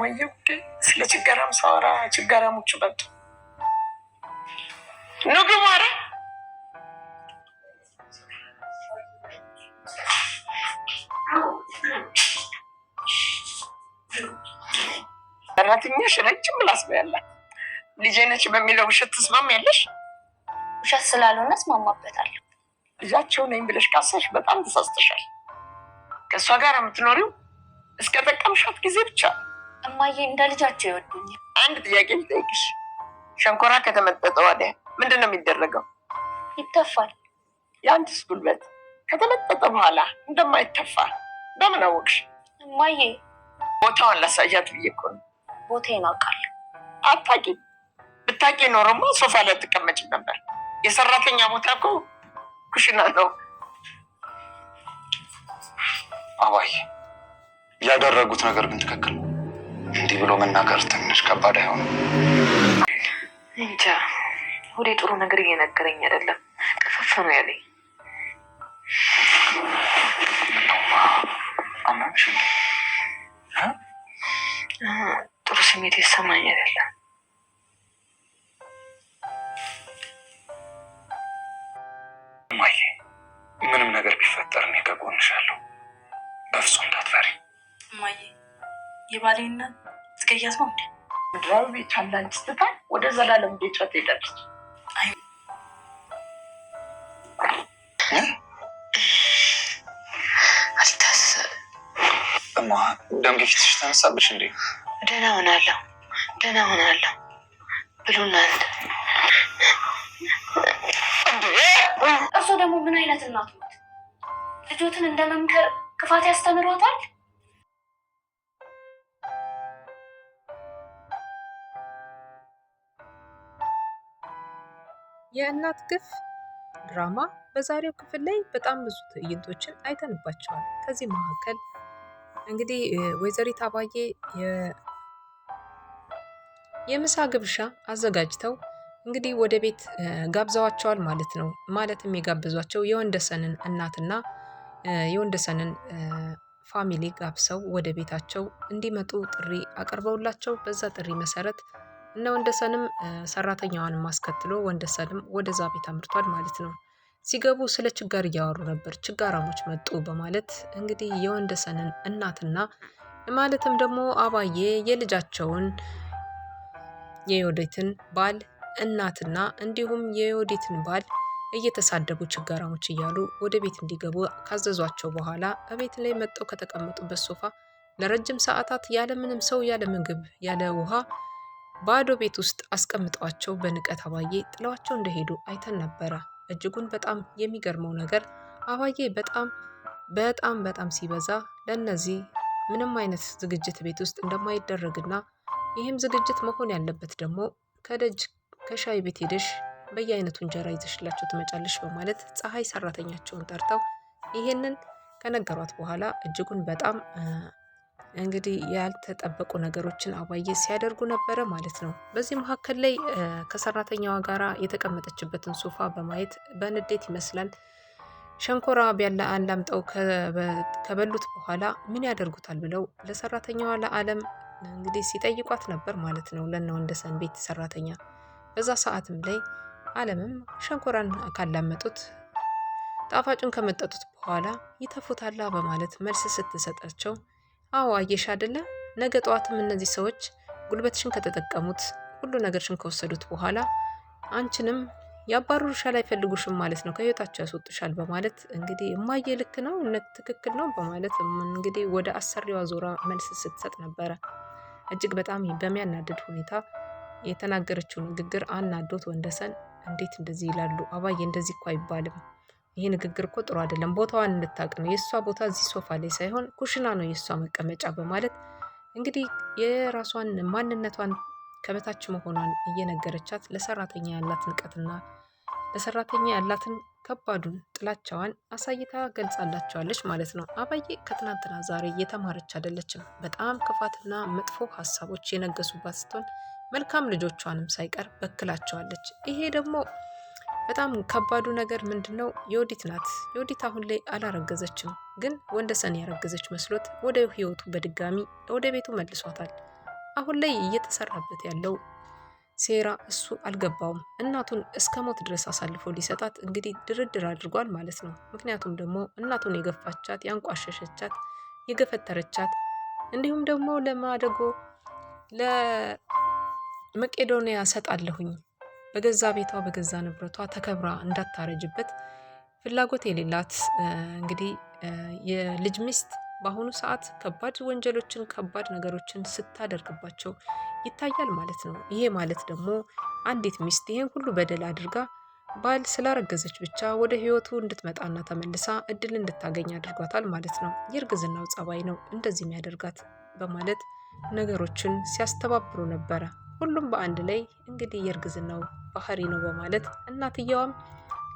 ወይ ስለ ችጋራም ሳወራ ችጋራሞቹ በጡ ንግቡ ማረ ሰራተኛሽ ረጅም ምላስ ነው ልጄ ነች በሚለው ውሸት ትስማሚያለሽ? ውሸት ስላልሆነ እስማማበታለሁ። ልጃቸው ነኝ ብለሽ ካሰሽ በጣም ተሳስተሻል። ከእሷ ጋር የምትኖሪው እስከ ጠቀምሻት ጊዜ ብቻ እማዬ እንደ ልጃቸው ይወዱኛል። አንድ ጥያቄ ልጠይቅሽ። ሸንኮራ ከተመጠጠ ወዲያ ምንድን ነው የሚደረገው? ይተፋል። የአንቺስ ጉልበት ከተመጠጠ በኋላ እንደማይተፋ በምን አወቅሽ? እማዬ ቦታውን ላሳያት ብዬ እኮ ነው። ቦታዬን አውቃለሁ። አታቂ ብታቂ ኖሮማ ሶፋ ላይ ትቀመጭ ነበር። የሰራተኛ ቦታ እኮ ኩሽና ነው። አባይ ያደረጉት ነገር ግን ትክክል ነው። እንዲህ ብሎ መናገር ትንሽ ከባድ አይሆንም? እንጃ ወደ ጥሩ ነገር እየነገረኝ አይደለም። ቅፍፍ ነው ያለኝ። ጥሩ ስሜት የሰማኝ አይደለም። የባሌና ዝገያት ነው እንዴ? ምድራዊ ታላንት ስትታ ወደ ዘላለም ቤቷ ትሄዳለች። እማ ደም ግፊትሽ ተነሳብሽ እንዴ? ደህና ሆናለሁ፣ ደህና ሆናለሁ ብሉና አንተ እርሶ ደግሞ ምን አይነት እናት ልጆትን እንደ መምከር ክፋት ያስተምሯታል። የእናት ግፍ ድራማ በዛሬው ክፍል ላይ በጣም ብዙ ትዕይንቶችን አይተንባቸዋል። ከዚህ መካከል እንግዲህ ወይዘሪት አባዬ የምሳ ግብሻ አዘጋጅተው እንግዲህ ወደ ቤት ጋብዘዋቸዋል ማለት ነው። ማለትም የጋበዟቸው የወንደሰንን እናትና የወንደሰንን ፋሚሊ ጋብሰው ወደ ቤታቸው እንዲመጡ ጥሪ አቅርበውላቸው በዛ ጥሪ መሰረት እነ ወንደሰንም ሰራተኛዋን አስከትሎ ወንደሰንም ወደዛ ቤት አምርቷል ማለት ነው። ሲገቡ ስለ ችጋር እያወሩ ነበር። ችጋራሞች መጡ በማለት እንግዲህ የወንደሰንን እናትና ማለትም ደግሞ አባዬ የልጃቸውን የዮዴትን ባል እናትና እንዲሁም የዮዴትን ባል እየተሳደቡ ችጋራሞች እያሉ ወደ ቤት እንዲገቡ ካዘዟቸው በኋላ እቤት ላይ መጠው ከተቀመጡበት ሶፋ ለረጅም ሰዓታት ያለምንም ሰው ያለ ምግብ ያለ ውሃ ባዶ ቤት ውስጥ አስቀምጧቸው በንቀት አባዬ ጥለዋቸው እንደሄዱ አይተን ነበረ። እጅጉን በጣም የሚገርመው ነገር አባዬ በጣም በጣም በጣም ሲበዛ ለእነዚህ ምንም አይነት ዝግጅት ቤት ውስጥ እንደማይደረግና ይህም ዝግጅት መሆን ያለበት ደግሞ ከደጅ ከሻይ ቤት ሄደሽ በየአይነቱ እንጀራ ይዘሽላቸው ትመጫለሽ በማለት ፀሐይ ሰራተኛቸውን ጠርተው ይህንን ከነገሯት በኋላ እጅጉን በጣም እንግዲህ ያልተጠበቁ ነገሮችን አባዬ ሲያደርጉ ነበረ ማለት ነው። በዚህ መካከል ላይ ከሰራተኛዋ ጋራ የተቀመጠችበትን ሶፋ በማየት በንዴት ይመስላል ሸንኮራ ቢያለ አላምጠው ከበሉት በኋላ ምን ያደርጉታል ብለው ለሰራተኛዋ ለአለም እንግዲህ ሲጠይቋት ነበር ማለት ነው። ለነ ወንደሰን ቤት ሰራተኛ በዛ ሰዓትም ላይ አለምም ሸንኮራን ካላመጡት ጣፋጩን ከመጠጡት በኋላ ይተፉታላ በማለት መልስ ስትሰጣቸው አዎ አየሽ አደለ ነገ ጠዋትም እነዚህ ሰዎች ጉልበትሽን ከተጠቀሙት ሁሉ ነገርሽን ከወሰዱት በኋላ አንቺንም ያባሩርሻል፣ አይፈልጉሽም ማለት ነው፣ ከህይወታቸው ያስወጡሻል በማለት እንግዲህ እማዬ ልክ ነው ትክክል ነው በማለት እንግዲህ ወደ አሰሪዋ ዞራ መልስ ስትሰጥ ነበረ። እጅግ በጣም በሚያናድድ ሁኔታ የተናገረችው ንግግር አናዶት ወንደሰን እንዴት እንደዚህ ይላሉ? አባዬ እንደዚህ እኮ አይባልም ይህ ንግግር እኮ ጥሩ አይደለም፣ ቦታዋን እንድታውቅ ነው። የእሷ ቦታ እዚህ ሶፋ ላይ ሳይሆን ኩሽና ነው የእሷ መቀመጫ በማለት እንግዲህ የራሷን ማንነቷን ከበታች መሆኗን እየነገረቻት ለሰራተኛ ያላት ንቀትና ለሰራተኛ ያላትን ከባዱን ጥላቻዋን አሳይታ ገልጻላቸዋለች ማለት ነው። አባዬ ከትናንትና ዛሬ እየተማረች አይደለችም። በጣም ክፋትና መጥፎ ሀሳቦች የነገሱባት ስትሆን መልካም ልጆቿንም ሳይቀር በክላቸዋለች። ይሄ ደግሞ በጣም ከባዱ ነገር ምንድን ነው? የወዲት ናት። የወዲት አሁን ላይ አላረገዘችም፣ ግን ወንደ ሰን ያረገዘች መስሎት ወደ ህይወቱ በድጋሚ ወደ ቤቱ መልሷታል። አሁን ላይ እየተሰራበት ያለው ሴራ እሱ አልገባውም። እናቱን እስከ ሞት ድረስ አሳልፎ ሊሰጣት እንግዲህ ድርድር አድርጓል ማለት ነው። ምክንያቱም ደግሞ እናቱን የገፋቻት፣ ያንቋሸሸቻት፣ የገፈተረቻት እንዲሁም ደግሞ ለማደጎ ለመቄዶንያ ሰጣለሁኝ በገዛ ቤቷ በገዛ ንብረቷ ተከብራ እንዳታረጅበት ፍላጎት የሌላት እንግዲህ የልጅ ሚስት በአሁኑ ሰዓት ከባድ ወንጀሎችን ከባድ ነገሮችን ስታደርግባቸው ይታያል ማለት ነው። ይሄ ማለት ደግሞ አንዲት ሚስት ይህን ሁሉ በደል አድርጋ ባል ስላረገዘች ብቻ ወደ ህይወቱ እንድትመጣና ተመልሳ እድል እንድታገኝ አድርጓታል ማለት ነው። የእርግዝናው ጸባይ ነው እንደዚህ የሚያደርጋት በማለት ነገሮችን ሲያስተባብሩ ነበረ። ሁሉም በአንድ ላይ እንግዲህ የእርግዝናው ባህሪ ነው በማለት እናትየዋም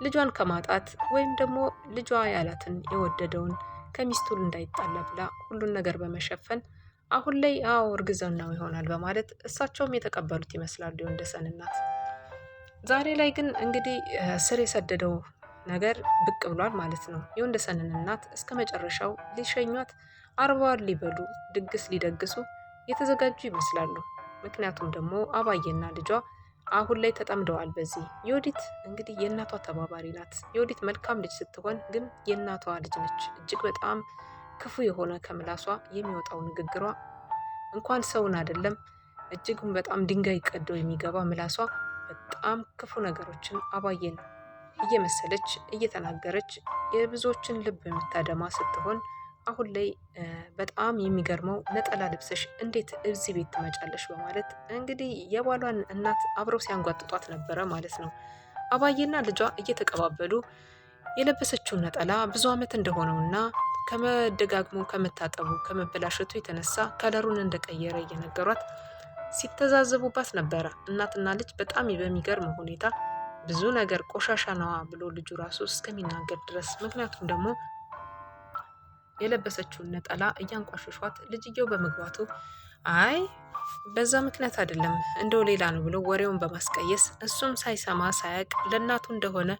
ልጇን ከማጣት ወይም ደግሞ ልጇ ያላትን የወደደውን ከሚስቱ እንዳይጣላ ብላ ሁሉን ነገር በመሸፈን አሁን ላይ አዎ እርግዝናው ይሆናል በማለት እሳቸውም የተቀበሉት ይመስላሉ የወንደሰን እናት። ዛሬ ላይ ግን እንግዲህ ስር የሰደደው ነገር ብቅ ብሏል ማለት ነው። የወንደሰንን እናት እስከ መጨረሻው ሊሸኟት፣ አርባዋን ሊበሉ፣ ድግስ ሊደግሱ የተዘጋጁ ይመስላሉ። ምክንያቱም ደግሞ አባዬና ልጇ አሁን ላይ ተጠምደዋል። በዚህ ዮዲት እንግዲህ የእናቷ ተባባሪ ናት። ዮዲት መልካም ልጅ ስትሆን ግን የእናቷ ልጅ ነች። እጅግ በጣም ክፉ የሆነ ከምላሷ የሚወጣው ንግግሯ እንኳን ሰውን አይደለም እጅግም በጣም ድንጋይ ቀዶ የሚገባ ምላሷ በጣም ክፉ ነገሮችን አባዬን እየመሰለች እየተናገረች የብዙዎችን ልብ የምታደማ ስትሆን አሁን ላይ በጣም የሚገርመው ነጠላ ልብሰሽ እንዴት እዚህ ቤት ትመጫለሽ? በማለት እንግዲህ የባሏን እናት አብረው ሲያንጓጥጧት ነበረ ማለት ነው። አባዬና ልጇ እየተቀባበሉ የለበሰችውን ነጠላ ብዙ ዓመት እና ከመደጋግሞ ከመታጠቡ ከመበላሸቱ የተነሳ ከለሩን እንደቀየረ እየነገሯት ሲተዛዘቡባት ነበረ። እናትና ልጅ በጣም በሚገርም ሁኔታ ብዙ ነገር ቆሻሻ ነዋ ብሎ ልጁ ራሱ እስከሚናገር ድረስ ምክንያቱም ደግሞ የለበሰችውን ነጠላ እያንቋሸሿት ልጅየው በመግባቱ አይ በዛ ምክንያት አይደለም እንደው ሌላ ነው ብሎ ወሬውን በማስቀየስ እሱም ሳይሰማ ሳያቅ ለእናቱ እንደሆነ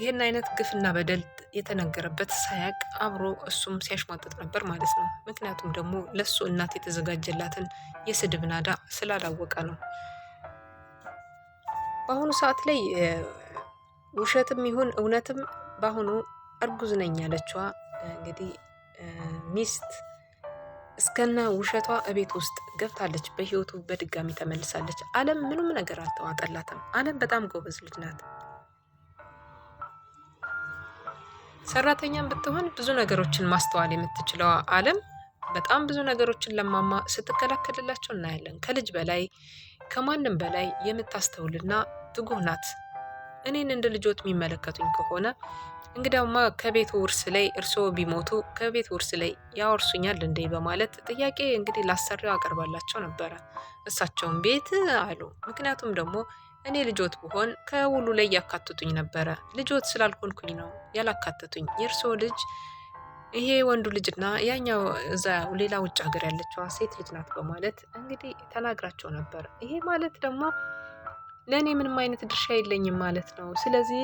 ይህን አይነት ግፍና በደል የተነገረበት ሳያቅ አብሮ እሱም ሲያሽሟጥጥ ነበር ማለት ነው። ምክንያቱም ደግሞ ለእሱ እናት የተዘጋጀላትን የስድብ ናዳ ስላላወቀ ነው። በአሁኑ ሰዓት ላይ ውሸትም ይሁን እውነትም በአሁኑ እርጉዝ ነኝ ያለችዋ እንግዲህ ሚስት እስከነ ውሸቷ እቤት ውስጥ ገብታለች። በህይወቱ በድጋሚ ተመልሳለች። አለም ምንም ነገር አልተዋጠላትም። አለም በጣም ጎበዝ ልጅ ናት። ሰራተኛም ብትሆን ብዙ ነገሮችን ማስተዋል የምትችለው አለም በጣም ብዙ ነገሮችን ለማማ ስትከላከልላቸው እናያለን። ከልጅ በላይ ከማንም በላይ የምታስተውልና ትጉህ ናት። እኔን እንደ ልጆት የሚመለከቱኝ ከሆነ እንግዲያውማ ከቤት ውርስ ላይ እርስዎ ቢሞቱ ከቤት ውርስ ላይ ያወርሱኛል እንዴ? በማለት ጥያቄ እንግዲህ ላሰሪው አቀርባላቸው ነበረ። እሳቸውም ቤት አሉ። ምክንያቱም ደግሞ እኔ ልጆት ብሆን ከውሉ ላይ ያካትቱኝ ነበረ። ልጆት ስላልኮንኩኝ ነው ያላካትቱኝ። የእርስዎ ልጅ ይሄ ወንዱ ልጅና ያኛው እዛ ሌላ ውጭ ሀገር ያለችዋ ሴት ልጅ ናት በማለት እንግዲህ ተናግራቸው ነበር። ይሄ ማለት ደግሞ ለእኔ ምንም አይነት ድርሻ የለኝም ማለት ነው። ስለዚህ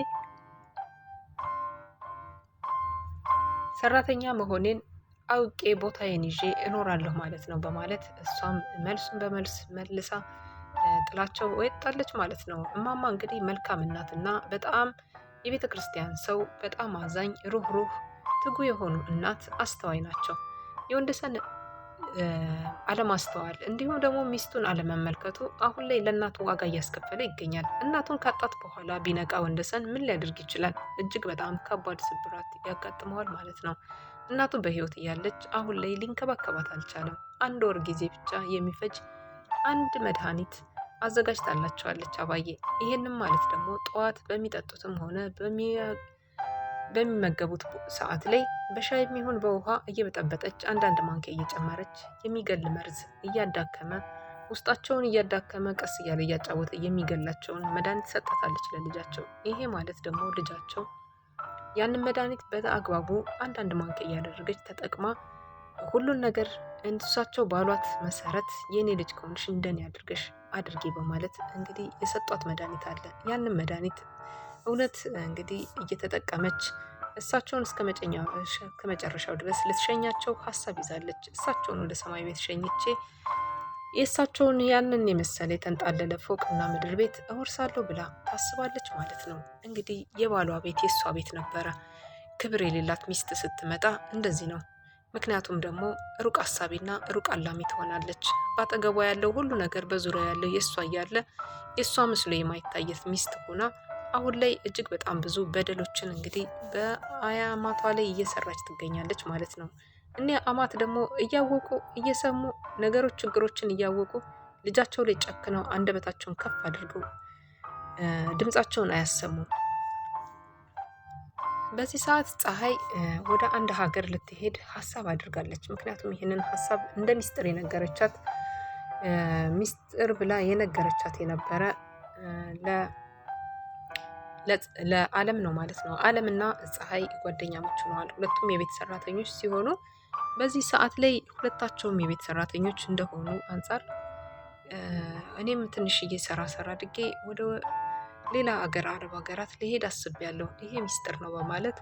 ሰራተኛ መሆኔን አውቄ ቦታዬን ይዤ እኖራለሁ ማለት ነው በማለት እሷም መልሱን በመልስ መልሳ ጥላቸው ወጣለች ማለት ነው። እማማ እንግዲህ መልካም እናትና በጣም የቤተ ክርስቲያን ሰው፣ በጣም አዛኝ፣ ሩህሩህ፣ ትጉ የሆኑ እናት አስተዋይ ናቸው የወንደሰን አለማስተዋል እንዲሁም ደግሞ ሚስቱን አለመመልከቱ አሁን ላይ ለእናቱ ዋጋ እያስከፈለ ይገኛል። እናቱን ካጣት በኋላ ቢነቃ ወንደሰን ምን ሊያደርግ ይችላል? እጅግ በጣም ከባድ ስብራት ያጋጥመዋል ማለት ነው። እናቱ በሕይወት እያለች አሁን ላይ ሊንከባከባት አልቻለም። አንድ ወር ጊዜ ብቻ የሚፈጅ አንድ መድኃኒት አዘጋጅታላቸዋለች አባዬ። ይህንም ማለት ደግሞ ጠዋት በሚጠጡትም ሆነ በሚ በሚመገቡት ሰዓት ላይ በሻይ የሚሆን በውሃ እየበጠበጠች አንዳንድ ማንኪያ እየጨመረች የሚገል መርዝ እያዳከመ ውስጣቸውን እያዳከመ ቀስ እያለ እያጫወተ የሚገላቸውን መድኃኒት ሰጣታለች ለልጃቸው። ይሄ ማለት ደግሞ ልጃቸው ያንን መድኃኒት በአግባቡ አንዳንድ ማንኪያ እያደረገች ተጠቅማ ሁሉን ነገር እንድሳቸው ባሏት መሰረት የእኔ ልጅ ከሆንሽ እንደኔ አድርገሽ አድርጌ በማለት እንግዲህ የሰጧት መድኃኒት አለ። ያንን መድኃኒት እውነት እንግዲህ እየተጠቀመች እሳቸውን እስከ መጨረሻው ድረስ ልትሸኛቸው ሀሳብ ይዛለች። እሳቸውን ወደ ሰማይ ቤት ሸኝቼ የእሳቸውን ያንን የመሰለ የተንጣለለ ፎቅና ምድር ቤት እወርሳለሁ ብላ ታስባለች ማለት ነው። እንግዲህ የባሏ ቤት የእሷ ቤት ነበረ። ክብር የሌላት ሚስት ስትመጣ እንደዚህ ነው። ምክንያቱም ደግሞ ሩቅ አሳቢና ሩቅ አላሚ ትሆናለች። በአጠገቧ ያለው ሁሉ ነገር በዙሪያ ያለው የእሷ እያለ የእሷ ምስሉ የማይታየት ሚስት ሆና አሁን ላይ እጅግ በጣም ብዙ በደሎችን እንግዲህ በአያማቷ ላይ እየሰራች ትገኛለች ማለት ነው። እኒ አማት ደግሞ እያወቁ እየሰሙ ነገሮች ችግሮችን እያወቁ ልጃቸው ላይ ጨክነው አንደበታቸውን ከፍ አድርገው ድምፃቸውን አያሰሙም። በዚህ ሰዓት ፀሐይ ወደ አንድ ሀገር ልትሄድ ሀሳብ አድርጋለች። ምክንያቱም ይህንን ሀሳብ እንደ ሚስጥር የነገረቻት ሚስጥር ብላ የነገረቻት የነበረ ለአለም ነው ማለት ነው። አለምና ፀሐይ ጓደኛሞች ሆነዋል። ሁለቱም የቤት ሰራተኞች ሲሆኑ በዚህ ሰዓት ላይ ሁለታቸውም የቤት ሰራተኞች እንደሆኑ አንጻር እኔም ትንሽዬ እየሰራ ሰራ አድጌ ወደ ሌላ አገር አረብ ሀገራት አስብ አስቤያለሁ፣ ይሄ ሚስጥር ነው በማለት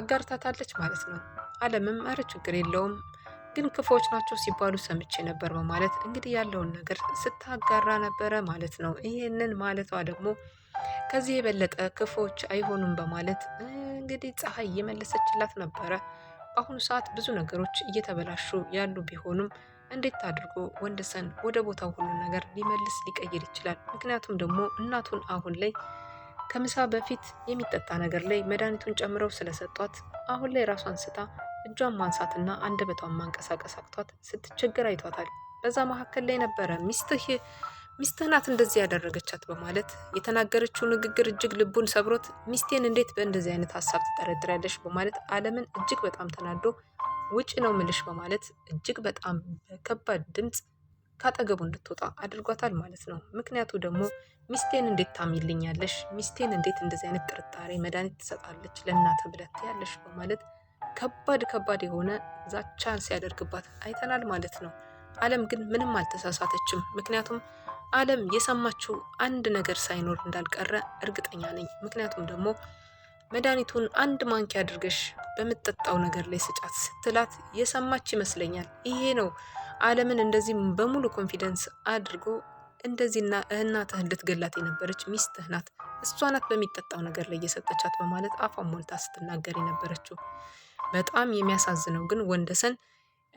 አጋርታታለች ማለት ነው። አለምም አረ ችግር የለውም ግን ክፎች ናቸው ሲባሉ ሰምቼ ነበር በማለት እንግዲህ ያለውን ነገር ስታጋራ ነበረ ማለት ነው። ይህንን ማለቷ ደግሞ ከዚህ የበለጠ ክፎች አይሆኑም በማለት እንግዲህ ፀሐይ እየመለሰችላት ነበረ። በአሁኑ ሰዓት ብዙ ነገሮች እየተበላሹ ያሉ ቢሆኑም እንዴት አድርጎ ወንደሰን ወደ ቦታው ሁሉ ነገር ሊመልስ ሊቀይር ይችላል? ምክንያቱም ደግሞ እናቱን አሁን ላይ ከምሳ በፊት የሚጠጣ ነገር ላይ መድኃኒቱን ጨምረው ስለሰጧት አሁን ላይ ራሷን ስታ እጇን ማንሳትና አንደበቷን ማንቀሳቀስ አቅቷት ስትቸገር አይቷታል። በዛ መካከል ላይ ነበረ ሚስትህ ሚስትህ ናት እንደዚህ ያደረገቻት በማለት የተናገረችው ንግግር እጅግ ልቡን ሰብሮት ሚስቴን እንዴት በእንደዚህ አይነት ሀሳብ ትጠረጥሪያለሽ? በማለት አለምን እጅግ በጣም ተናዶ ውጭ ነው ምልሽ በማለት እጅግ በጣም በከባድ ድምፅ ካጠገቡ እንድትወጣ አድርጓታል ማለት ነው። ምክንያቱ ደግሞ ሚስቴን እንዴት ታሚልኛለሽ? ሚስቴን እንዴት እንደዚህ አይነት ጥርጣሬ መድኃኒት ትሰጣለች ለእናተ ብለት ያለሽ በማለት ከባድ ከባድ የሆነ ዛቻን ሲያደርግባት አይተናል ማለት ነው። አለም ግን ምንም አልተሳሳተችም። ምክንያቱም አለም የሰማችው አንድ ነገር ሳይኖር እንዳልቀረ እርግጠኛ ነኝ። ምክንያቱም ደግሞ መድኃኒቱን አንድ ማንኪያ አድርገሽ በምጠጣው ነገር ላይ ስጫት ስትላት የሰማች ይመስለኛል። ይሄ ነው አለምን እንደዚህ በሙሉ ኮንፊደንስ አድርጎ እንደዚህና እናትህ ልትገላት የነበረች ሚስትህ ናት፣ እሷ ናት በሚጠጣው ነገር ላይ እየሰጠቻት በማለት አፏን ሞልታ ስትናገር የነበረችው። በጣም የሚያሳዝነው ግን ወንደሰን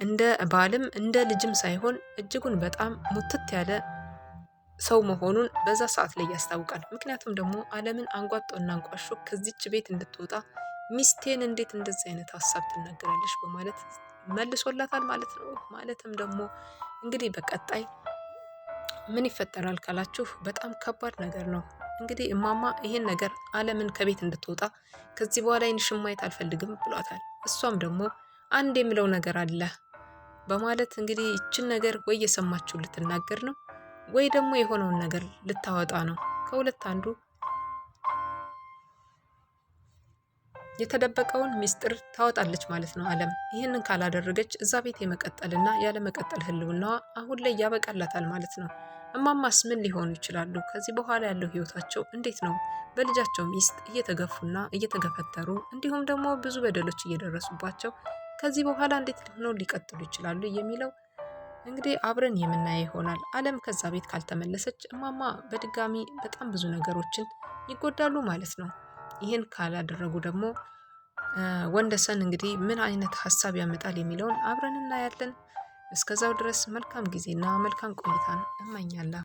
እንደ ባልም እንደ ልጅም ሳይሆን እጅጉን በጣም ሙትት ያለ ሰው መሆኑን በዛ ሰዓት ላይ ያስታውቃል። ምክንያቱም ደግሞ ዓለምን አንጓጦና አንቋሾ ከዚች ቤት እንድትወጣ ሚስቴን እንዴት እንደዚህ አይነት ሀሳብ ትናገራለች በማለት መልሶላታል ማለት ነው። ማለትም ደግሞ እንግዲህ በቀጣይ ምን ይፈጠራል ካላችሁ በጣም ከባድ ነገር ነው። እንግዲህ እማማ ይሄን ነገር ዓለምን ከቤት እንድትወጣ ከዚህ በኋላ ይህንሽን ማየት አልፈልግም ብሏታል። እሷም ደግሞ አንድ የምለው ነገር አለ በማለት እንግዲህ ይችን ነገር ወይ የሰማችው ልትናገር ነው ወይ ደግሞ የሆነውን ነገር ልታወጣ ነው። ከሁለት አንዱ የተደበቀውን ሚስጥር ታወጣለች ማለት ነው አለም። ይህንን ካላደረገች እዛ ቤት የመቀጠልና ያለመቀጠል ህልውናዋ አሁን ላይ ያበቃላታል ማለት ነው። እማማስ ምን ሊሆኑ ይችላሉ? ከዚህ በኋላ ያለው ህይወታቸው እንዴት ነው? በልጃቸው ሚስት እየተገፉና እየተገፈተሩ እንዲሁም ደግሞ ብዙ በደሎች እየደረሱባቸው ከዚህ በኋላ እንዴት ሆነው ሊቀጥሉ ይችላሉ የሚለው እንግዲህ አብረን የምናየው ይሆናል። አለም ከዛ ቤት ካልተመለሰች እማማ በድጋሚ በጣም ብዙ ነገሮችን ይጎዳሉ ማለት ነው። ይህን ካላደረጉ ደግሞ ወንደሰን እንግዲህ ምን አይነት ሀሳብ ያመጣል የሚለውን አብረን እናያለን። እስከዛው ድረስ መልካም ጊዜና መልካም ቆይታን እመኛለሁ።